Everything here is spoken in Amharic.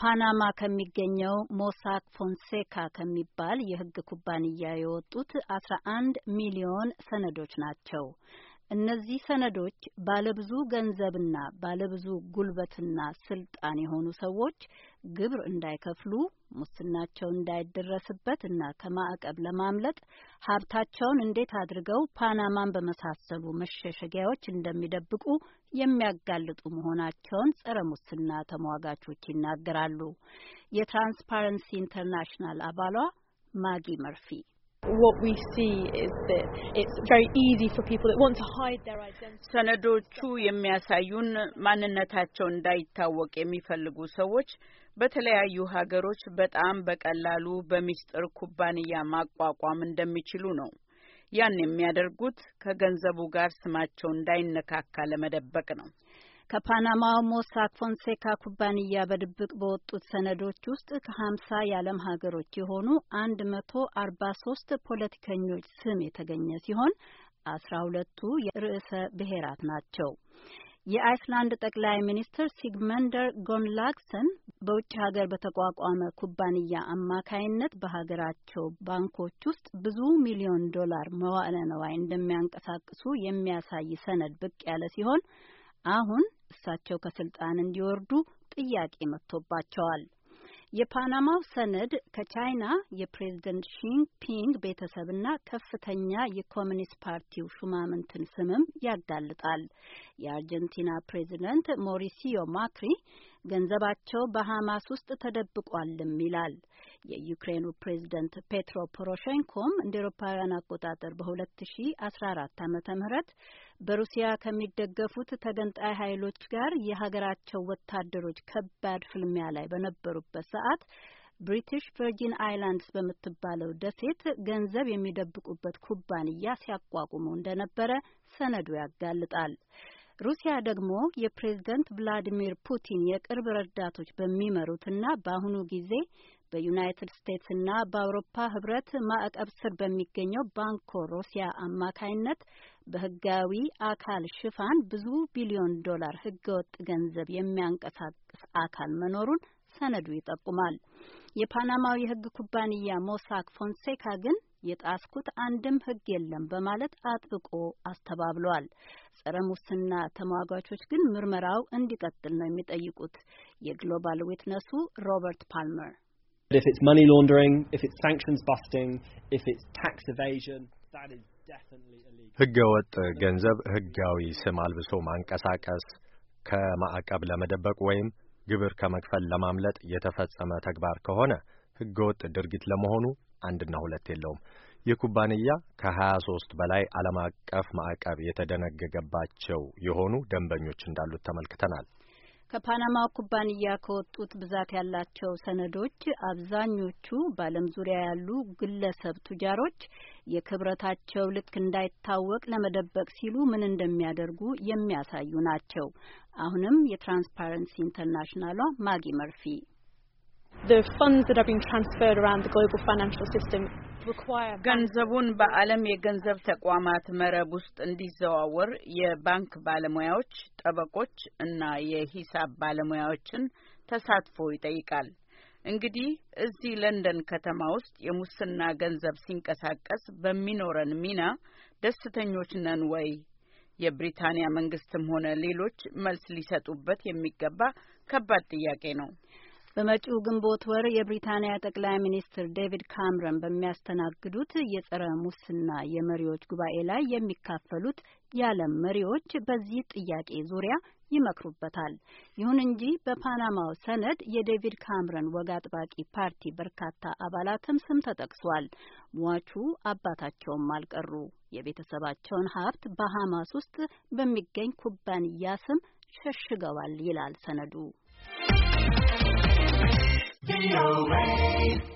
ፓናማ ከሚገኘው ሞሳክ ፎንሴካ ከሚባል የሕግ ኩባንያ የወጡት 11 ሚሊዮን ሰነዶች ናቸው። እነዚህ ሰነዶች ባለብዙ ገንዘብና ባለብዙ ጉልበትና ስልጣን የሆኑ ሰዎች ግብር እንዳይከፍሉ፣ ሙስናቸው እንዳይደረስበት እና ከማዕቀብ ለማምለጥ ሀብታቸውን እንዴት አድርገው ፓናማን በመሳሰሉ መሸሸጊያዎች እንደሚደብቁ የሚያጋልጡ መሆናቸውን ጸረ ሙስና ተሟጋቾች ይናገራሉ። የትራንስፓረንሲ ኢንተርናሽናል አባሏ ማጊ መርፊ ሰነዶቹ የሚያሳዩን ማንነታቸው እንዳይታወቅ የሚፈልጉ ሰዎች በተለያዩ ሀገሮች በጣም በቀላሉ በሚስጥር ኩባንያ ማቋቋም እንደሚችሉ ነው። ያን የሚያደርጉት ከገንዘቡ ጋር ስማቸው እንዳይነካካ ለመደበቅ ነው። ከፓናማው ሞሳክ ፎንሴካ ኩባንያ በድብቅ በወጡት ሰነዶች ውስጥ ከሀምሳ የዓለም ሀገሮች የሆኑ አንድ መቶ አርባ ሶስት ፖለቲከኞች ስም የተገኘ ሲሆን አስራ ሁለቱ የርዕሰ ብሔራት ናቸው። የአይስላንድ ጠቅላይ ሚኒስትር ሲግመንደር ጎንላክሰን በውጭ ሀገር በተቋቋመ ኩባንያ አማካይነት በሀገራቸው ባንኮች ውስጥ ብዙ ሚሊዮን ዶላር መዋዕለ ነዋይ እንደሚያንቀሳቅሱ የሚያሳይ ሰነድ ብቅ ያለ ሲሆን አሁን እሳቸው ከስልጣን እንዲወርዱ ጥያቄ መጥቶባቸዋል። የፓናማው ሰነድ ከቻይና የፕሬዝደንት ሺንፒንግ ቤተሰብና ከፍተኛ የኮሚኒስት ፓርቲው ሹማምንትን ስምም ያጋልጣል። የአርጀንቲና ፕሬዝደንት ሞሪሲዮ ማክሪ ገንዘባቸው በሐማስ ውስጥ ተደብቋልም ይላል። የዩክሬኑ ፕሬዝደንት ፔትሮ ፖሮሼንኮም እንደ ኤሮፓውያን አቆጣጠር በ2014 ዓ ም በሩሲያ ከሚደገፉት ተገንጣይ ኃይሎች ጋር የሀገራቸው ወታደሮች ከባድ ፍልሚያ ላይ በነበሩበት ሰዓት ብሪቲሽ ቨርጂን አይላንድስ በምትባለው ደሴት ገንዘብ የሚደብቁበት ኩባንያ ሲያቋቁሙ እንደነበረ ሰነዱ ያጋልጣል። ሩሲያ ደግሞ የፕሬዝደንት ቭላዲሚር ፑቲን የቅርብ ረዳቶች በሚመሩትና በአሁኑ ጊዜ በዩናይትድ ስቴትስና በአውሮፓ ህብረት ማዕቀብ ስር በሚገኘው ባንኮ ሮሲያ አማካይነት በህጋዊ አካል ሽፋን ብዙ ቢሊዮን ዶላር ህገወጥ ገንዘብ የሚያንቀሳቅስ አካል መኖሩን ሰነዱ ይጠቁማል። የፓናማው የህግ ኩባንያ ሞሳክ ፎንሴካ ግን የጣስኩት አንድም ህግ የለም በማለት አጥብቆ አስተባብሏል። ጸረ ሙስና ተሟጋቾች ግን ምርመራው እንዲቀጥል ነው የሚጠይቁት። የግሎባል ዊትነሱ ሮበርት ፓልመር if it's money laundering, if it's sanctions busting, if it's tax evasion, that is definitely illegal. ወጥ ገንዘብ ህጋዊ ስም አልብሶ ማንቀሳቀስ ከማዕቀብ ለመደበቅ ወይም ግብር ከመክፈል ለማምለጥ የተፈጸመ ተግባር ከሆነ ሕገ ወጥ ድርጊት ለመሆኑ አንድና ሁለት የለውም። ይህ ኩባንያ ከ23 በላይ ዓለም አቀፍ ማዕቀብ የተደነገገባቸው የሆኑ ደንበኞች እንዳሉት ተመልክተናል። ከፓናማ ኩባንያ ከወጡት ብዛት ያላቸው ሰነዶች አብዛኞቹ በዓለም ዙሪያ ያሉ ግለሰብ ቱጃሮች የክብረታቸው ልክ እንዳይታወቅ ለመደበቅ ሲሉ ምን እንደሚያደርጉ የሚያሳዩ ናቸው። አሁንም የትራንስፓረንሲ ኢንተርናሽናሏ ማጊ መርፊ ገንዘቡን በዓለም የገንዘብ ተቋማት መረብ ውስጥ እንዲዘዋወር የባንክ ባለሙያዎች፣ ጠበቆች እና የሂሳብ ባለሙያዎችን ተሳትፎ ይጠይቃል። እንግዲህ እዚህ ለንደን ከተማ ውስጥ የሙስና ገንዘብ ሲንቀሳቀስ በሚኖረን ሚና ደስተኞች ነን ወይ? የብሪታንያ መንግስትም ሆነ ሌሎች መልስ ሊሰጡበት የሚገባ ከባድ ጥያቄ ነው። በመጪው ግንቦት ወር የብሪታንያ ጠቅላይ ሚኒስትር ዴቪድ ካምረን በሚያስተናግዱት የጸረ ሙስና የመሪዎች ጉባኤ ላይ የሚካፈሉት የዓለም መሪዎች በዚህ ጥያቄ ዙሪያ ይመክሩበታል። ይሁን እንጂ በፓናማው ሰነድ የዴቪድ ካምረን ወግ አጥባቂ ፓርቲ በርካታ አባላትም ስም ተጠቅሷል። ሟቹ አባታቸውም አልቀሩ። የቤተሰባቸውን ሀብት በሃማስ ውስጥ በሚገኝ ኩባንያ ስም ሸሽገዋል ይላል ሰነዱ። Be away.